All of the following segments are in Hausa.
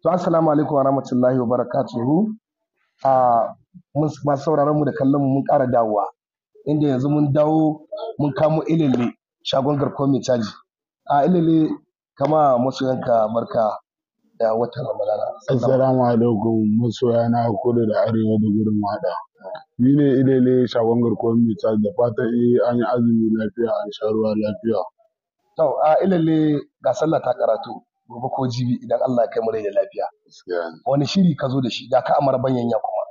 To assalamu alaikum wa rahmatullahi wa barakatuhu. A masu sauraron mu da kallon mu mun ƙara dawowa. Inda yanzu mun dawo mun kamo ilele shagon garkuwar mai caji. A ilele kama yanka barka da watan Ramadana. Assalamu alaikum yana kudu da arewa da gurin wada. Ni ne ilele shagon garkuwar mai caji da fatan eh, an yi azumi lafiya an sha ruwa lafiya. To a ilele ga sallah ta karatu. gobe ko jibi idan Allah ya kai mu rai da lafiya wani shiri ka zo da shi da ka amar banyanya kuma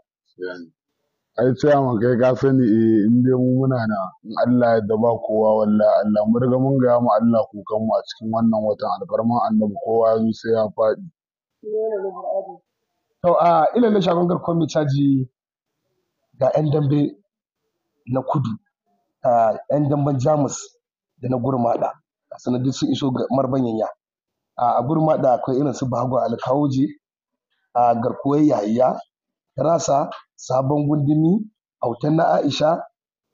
ai tsaya mu kai ka sani eh in dai mu muna na in Allah ya ba kowa wallahi Allah mu riga mun ga mu Allah kukan mu a cikin wannan watan alfarman annabi kowa ya zo sai ya faɗi to a da shagon garkon mai caji ga 'yan dambe na kudu a 'yan damben jamus da na gurmada sanadin sun iso ga marbanyanya a da akwai irin su bago alkawoje a garkuwar yayya rasa sabon gundumi autan na aisha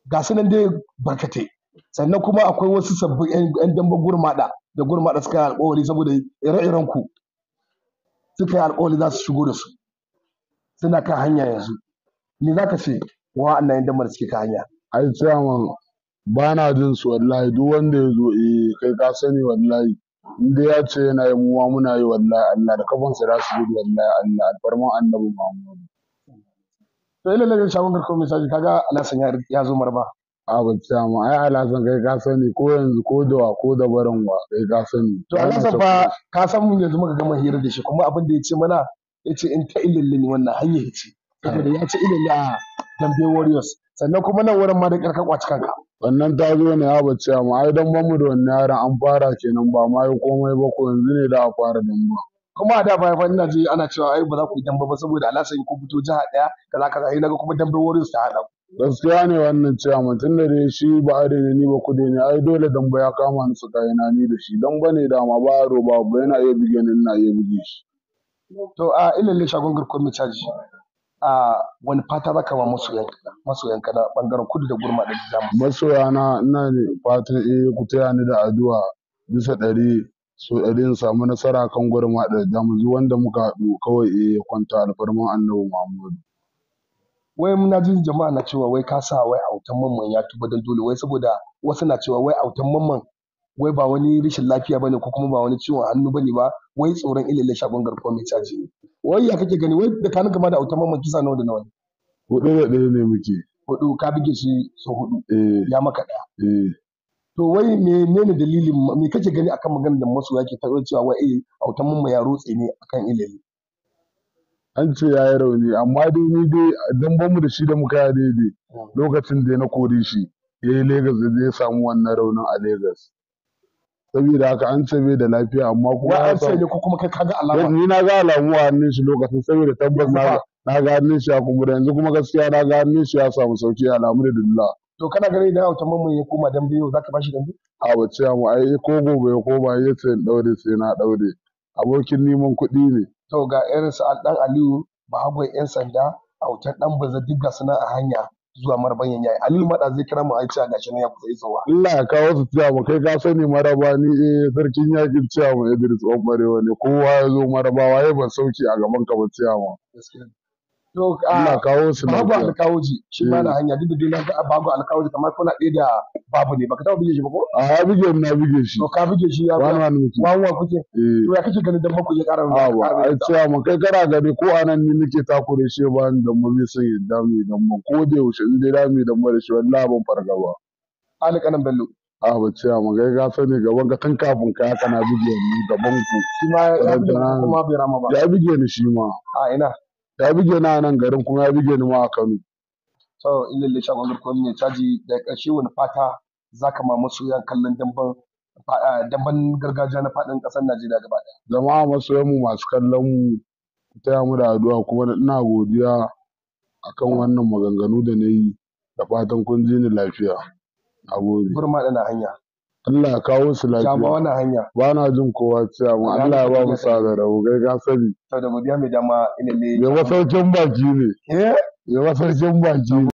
ga su nan dai barkatai sannan kuma akwai wasu sabbin yan gurin gurmada da gurmada suka yi alkawari saboda ire-iren ku suka yi alkawari za su shigo da su suna kan hanya yanzu ni za ka ce wa annan yan da suke kan hanya ai tsayaman ba na jin su wallahi duk wanda ya zo eh kai ka sani wallahi inda ya ce yana yi muwa muna yi wallahi Allah da kafansa za su yi wallahi Allah alfarman annabi Muhammad to yi lalle shagon karko misali kaga Alhassan ya ya zo marba a bacca mu ai alasan kai ka sani ko yanzu ko da wa ko da barin wa kai ka sani to Alhassan fa ka san mun yanzu muka gama hira da shi kuma abin da ya ce mana ya ce in ta ililli wannan hanyar ce saboda ya ce ililli a Dambe Warriors sannan kuma nan wurin ma da ƙarƙar kwaci kanka Wannan ta zo ne a, bace amma ai ban mu da wannan yaran an fara kenan ba ma yi komai ba ko yanzu ne da a fara ba. kuma da baya fa ina ji ana cewa ai ba za ku yi dambe ba saboda sai ku fito jiha daya kaza kaza ai naga kuma dambe wurin su hada gaskiya ne wannan cewa tun da dai shi ba a na ni ba ku ne ai dole dambe ya kama ni su kai na ni da shi ba ne da ma ba yaro ba yana iya bige ni ina iya bige shi to a ilalle shagon garkon mu caji a wani fata za ka ma masoyan da bangaren kudu da gurma da zamu masoya na ina fatan eh ku taya ni da addu'a bisa ɗari so ɗari in samu nasara kan gurma da zamu wanda muka haɗu kawai eh ya kwanta alfarman annabi Muhammadu wai muna jin jama'a na cewa wai ka sa wai autan mamman ya tuba don dole wai saboda wasu na cewa wai autan mamman wai ba wani rashin lafiya bane ko kuma ba wani ciwon hannu bane ba wai tsoron ililin shagon garkuwa mai caji ne? wai ya kake gani wai da kanin kama da auta mamman kisa nawa da nawa ne hudu da ɗaya ne muke hudu ka bige shi sau hudu eh. ya maka ɗaya eh. to wai menene dalilin me kake gani akan maganar da masu ke taɓa cewa wai eh autan mamman ya rotse ne akan ilimi an ce ya yi rauni amma dai ni dai dan mu da shi da muka yi daidai hmm. lokacin da na kori shi ya yi Legas da zai samu wannan raunin a Legas. saboda haka an ce bai da lafiya amma kuma ya ce ne ko kuma kai kaga alama ni na ga alamu a hannun shi lokacin saboda tabbas na na ga hannun shi ya kumbura yanzu kuma gaskiya na ga hannun shi ya samu sauki dillah to kana gani da wata mamman ya koma dambe yau zaka bashi dambe a bace mu ai ko gobe ya koma ya ce daure sai na daure abokin neman kuɗi ne to ga irin su dan Aliyu ba hagwai yan sanda hautan dan baza duk ga suna a hanya zuwa marabanyan yayi alil mada zai kira mu a cewa gashi nan ya kusa isowa Allah ya kawo su cewa mu kai ka sani maraba ni e, sarkin yakin cewa mu Idris Omar ne kowa ya zo marabawa ya ban sauki a gaban ka ba cewa to ah, ina kawo su babu alkawoji shi ma na eh. hanya duk da duniya ga babu alkawoji kamar kuna ɗaya da babu ne baka taɓa bige shi ba ko a ya bige na bige shi to ka bige shi ya wani wani mutum wani wani kuke eh. to ya kake ganin dan mako ya ƙara wani abu a cewa mun kai kana gani ko anan ni nake takure shi ba ni dan mun san yadda mu dan mun ko da yaushe in dai rami dan mun da shi wallahi ban fargaba Ali kanan bello Ahmad Cewa mun gai gasa ne gaban ka kan kafin ka kana na bige ni gaban ku. Shi ma ya bige ni shi ma. A ina. ya bige na nan garin kuma ya bige ni ma a Kano to in lalle shagon garkuwar ne caji da ƙarshe wani fata za ka ma masoyan kallon damban damban gargajiya na faɗin ƙasar Najeriya gaba ɗaya jama'a masoyan mu masu kallon mu taya mu da addu'a kuma ina godiya akan wannan maganganu da na yi da fatan kun ji ni lafiya. na gode. Gurma ɗana hanya. Allah ya kawo su lafiya. Ba wannan hanya. Ba na jin kowa cewa mu Allah ya ba mu sada da rabu kai ka sani. To da godiya mai dama ilimi. Ya sarkin baki ne. Eh? Ya sarkin baki ne.